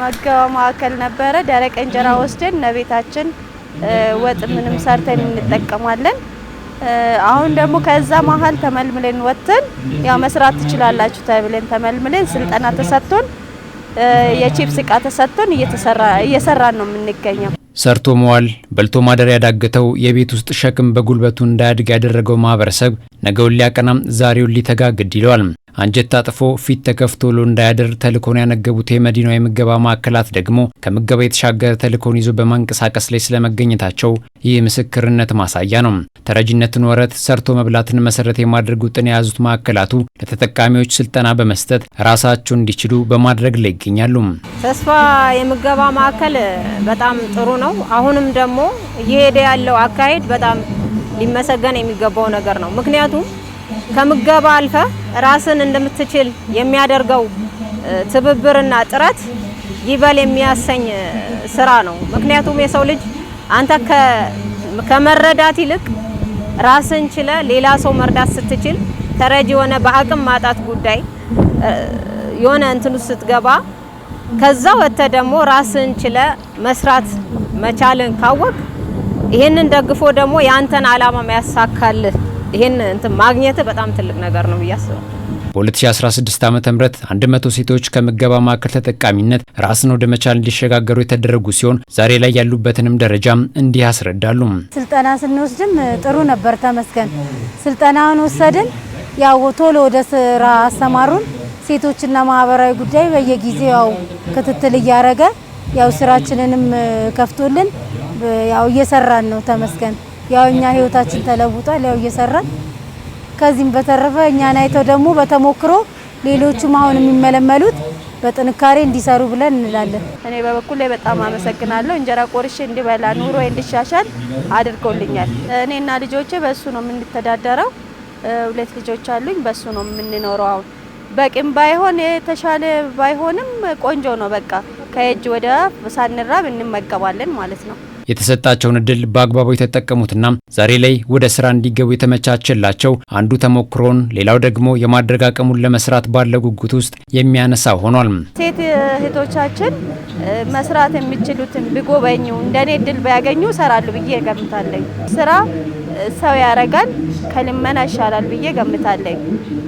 መገባ ማዕከል ነበረ። ደረቅ እንጀራ ወስደን ለቤታችን ወጥ ምንም ሰርተን እንጠቀማለን። አሁን ደግሞ ከዛ መሀል ተመልምለን ወጥተን ያ መስራት ትችላላችሁ ተብለን ተመልምለን ስልጠና ተሰጥቶን የቺፕስ እቃ ተሰጥቶን እየሰራን ነው የምንገኘው። ሰርቶ መዋል በልቶ ማደር ያዳገተው የቤት ውስጥ ሸክም በጉልበቱ እንዳያድግ ያደረገው ማህበረሰብ ነገውን ሊያቀናም ዛሬውን ሊተጋግድ ይለዋል። አንጀት ታጥፎ ፊት ተከፍቶ ሎ እንዳያድር ተልኮን ያነገቡት የመዲናው የምገባ ማዕከላት ደግሞ ከምገባ የተሻገረ ተልኮን ይዞ በማንቀሳቀስ ላይ ስለመገኘታቸው ይህ ምስክርነት ማሳያ ነው። ተረጅነትን ወረት፣ ሰርቶ መብላትን መሰረት የማድረግ ውጥን የያዙት ማዕከላቱ ለተጠቃሚዎች ስልጠና በመስጠት ራሳቸው እንዲችሉ በማድረግ ላይ ይገኛሉ። ተስፋ የምገባ ማዕከል በጣም ጥሩ ነው። አሁንም ደግሞ እየሄደ ያለው አካሄድ በጣም ሊመሰገን የሚገባው ነገር ነው። ምክንያቱም ከምገባ አልፈ ራስን እንደምትችል የሚያደርገው ትብብርና ጥረት ይበል የሚያሰኝ ስራ ነው። ምክንያቱም የሰው ልጅ አንተ ከመረዳት ይልቅ ራስን ችለ ሌላ ሰው መርዳት ስትችል ተረጅ የሆነ በአቅም ማጣት ጉዳይ የሆነ እንትኑ ስትገባ ከዛ ወጥተ ደግሞ ራስን ችለ መስራት መቻልን ካወቅ ይህንን ደግፎ ደግሞ የአንተን አላማ ያሳካልህ። ይሄን እንትን ማግኘት በጣም ትልቅ ነገር ነው ብዬ አስባለሁ። በ2016 ዓ ም 100 ሴቶች ከምገባ ማዕከል ተጠቃሚነት ራስን ወደ መቻል እንዲሸጋገሩ የተደረጉ ሲሆን ዛሬ ላይ ያሉበትንም ደረጃ እንዲህ ያስረዳሉ። ስልጠና ስንወስድም ጥሩ ነበር፣ ተመስገን። ስልጠናውን ወሰድን፣ ያው ቶሎ ወደ ስራ አሰማሩን። ሴቶችና ማህበራዊ ጉዳይ በየጊዜው ያው ክትትል እያደረገ ያው ስራችንንም ከፍቶልን ያው እየሰራን ነው፣ ተመስገን። ያው እኛ ህይወታችን ተለውጧል። ያው እየሰራን ከዚህም በተረፈ እኛን አይተው ደግሞ በተሞክሮ ሌሎቹም አሁን የሚመለመሉት በጥንካሬ እንዲሰሩ ብለን እንላለን። እኔ በበኩል ላይ በጣም አመሰግናለሁ። እንጀራ ቆርሼ እንዲበላ ኑሮ እንዲሻሻል አድርጎልኛል። እኔና ልጆቼ በእሱ ነው የምንተዳደረው። ሁለት ልጆች አሉኝ። በእሱ ነው የምንኖረው። አሁን በቂም ባይሆን የተሻለ ባይሆንም ቆንጆ ነው። በቃ ከእጅ ወደ ሳንራብ እንመገባለን ማለት ነው። የተሰጣቸውን እድል በአግባቡ የተጠቀሙትና ዛሬ ላይ ወደ ስራ እንዲገቡ የተመቻቸላቸው አንዱ ተሞክሮን፣ ሌላው ደግሞ የማድረግ አቅሙን ለመስራት ባለው ጉጉት ውስጥ የሚያነሳ ሆኗል። ሴት እህቶቻችን መስራት የሚችሉትን ቢጎበኙ፣ እንደኔ እድል ቢያገኙ ሰራሉ ብዬ ገምታለኝ። ስራ ሰው ያረጋል ከልመና ይሻላል ብዬ ገምታለኝ።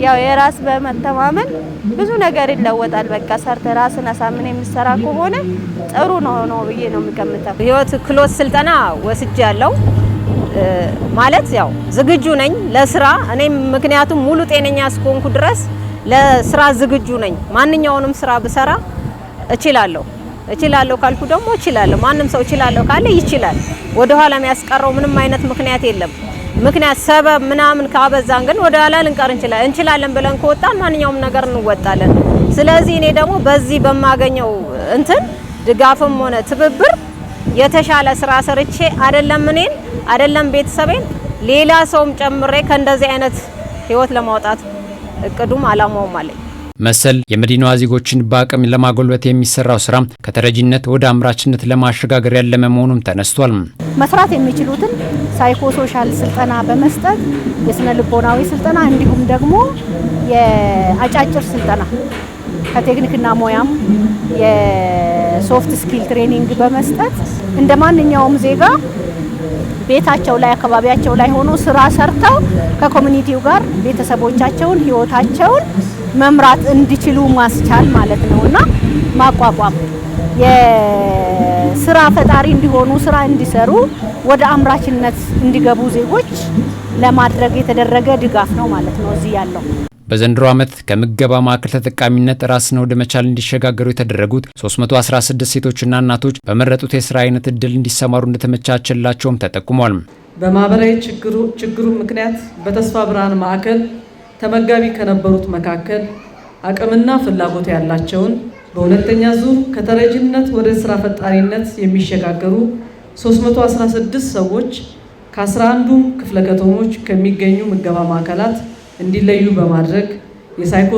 ያው የራስ በመተማመን ብዙ ነገር ይለወጣል። በቃ ሰርተ ራስን አሳምን የምሰራ ከሆነ ጥሩ ነው ነው ብዬ ነው የምገምተው። ህይወት ክሎ የህይወት ስልጠና ወስጃለሁ። ማለት ያው ዝግጁ ነኝ ለስራ። እኔም ምክንያቱም ሙሉ ጤነኛ እስኮንኩ ድረስ ለስራ ዝግጁ ነኝ። ማንኛውንም ስራ ብሰራ እችላለሁ። እችላለሁ ካልኩ ደግሞ እችላለሁ። ማንም ሰው እችላለሁ ካለ ይችላል። ወደ ኋላ የሚያስቀረው ምንም አይነት ምክንያት የለም። ምክንያት ሰበብ ምናምን ካበዛን ግን ወደ ኋላ ልንቀር እንችላለን። እንችላለን ብለን ከወጣን ማንኛውም ነገር እንወጣለን። ስለዚህ እኔ ደግሞ በዚህ በማገኘው እንትን ድጋፍም ሆነ ትብብር የተሻለ ስራ ሰርቼ አይደለም እኔን አይደለም ቤተሰቤን ሌላ ሰውም ጨምሬ ከእንደዚህ አይነት ህይወት ለማውጣት እቅዱም አላማውም አለኝ። መሰል የመዲናዋ ዜጎችን በአቅም ለማጎልበት የሚሰራው ስራ ከተረጂነት ወደ አምራችነት ለማሸጋገር ያለመ መሆኑም ተነስቷል። መስራት የሚችሉትን ሳይኮሶሻል ስልጠና በመስጠት የስነ ልቦናዊ ስልጠና እንዲሁም ደግሞ የአጫጭር ስልጠና ከቴክኒክና ሙያም ሶፍት ስኪል ትሬኒንግ በመስጠት እንደ ማንኛውም ዜጋ ቤታቸው ላይ አካባቢያቸው ላይ ሆኖ ስራ ሰርተው ከኮሚኒቲው ጋር ቤተሰቦቻቸውን ህይወታቸውን መምራት እንዲችሉ ማስቻል ማለት ነው እና ማቋቋም የስራ ፈጣሪ እንዲሆኑ ስራ እንዲሰሩ ወደ አምራችነት እንዲገቡ ዜጎች ለማድረግ የተደረገ ድጋፍ ነው ማለት ነው እዚህ ያለው። በዘንድሮ ዓመት ከምገባ ማዕከል ተጠቃሚነት ራስን ወደ መቻል እንዲሸጋገሩ የተደረጉት 316 ሴቶችና እናቶች በመረጡት የስራ አይነት እድል እንዲሰማሩ እንደተመቻቸላቸውም ተጠቁሟል። በማህበራዊ ችግሩ ምክንያት በተስፋ ብርሃን ማዕከል ተመጋቢ ከነበሩት መካከል አቅምና ፍላጎት ያላቸውን በሁለተኛ ዙር ከተረጅነት ወደ ስራ ፈጣሪነት የሚሸጋገሩ 316 ሰዎች ከ11ዱም ክፍለ ከተሞች ከሚገኙ ምገባ ማዕከላት እንዲለዩ በማድረግ የሳይኮ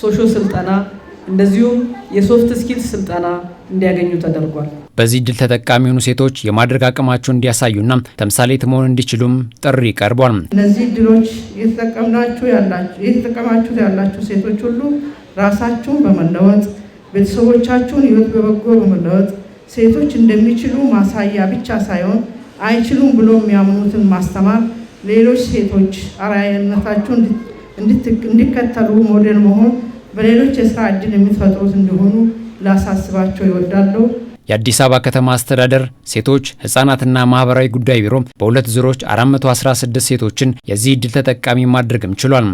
ሶሾ ስልጠና እንደዚሁም የሶፍት ስኪል ስልጠና እንዲያገኙ ተደርጓል። በዚህ እድል ተጠቃሚ የሆኑ ሴቶች የማድረግ አቅማቸውን እንዲያሳዩና ተምሳሌት መሆን እንዲችሉም ጥሪ ቀርቧል። እነዚህ ድሎች የተጠቀማችሁ ያላችሁ ሴቶች ሁሉ ራሳችሁን በመለወጥ ቤተሰቦቻችሁን ህይወት በበጎ በመለወጥ ሴቶች እንደሚችሉ ማሳያ ብቻ ሳይሆን አይችሉም ብሎ የሚያምኑትን ማስተማር ሌሎች ሴቶች አርአያነታቸውን እንዲከተሉ ሞዴል መሆን በሌሎች የስራ እድል የሚፈጥሩት እንደሆኑ ላሳስባቸው ይወዳለሁ። የአዲስ አበባ ከተማ አስተዳደር ሴቶች ህጻናትና ማህበራዊ ጉዳይ ቢሮ በሁለት ዙሮች 416 ሴቶችን የዚህ እድል ተጠቃሚ ማድረግም ችሏል።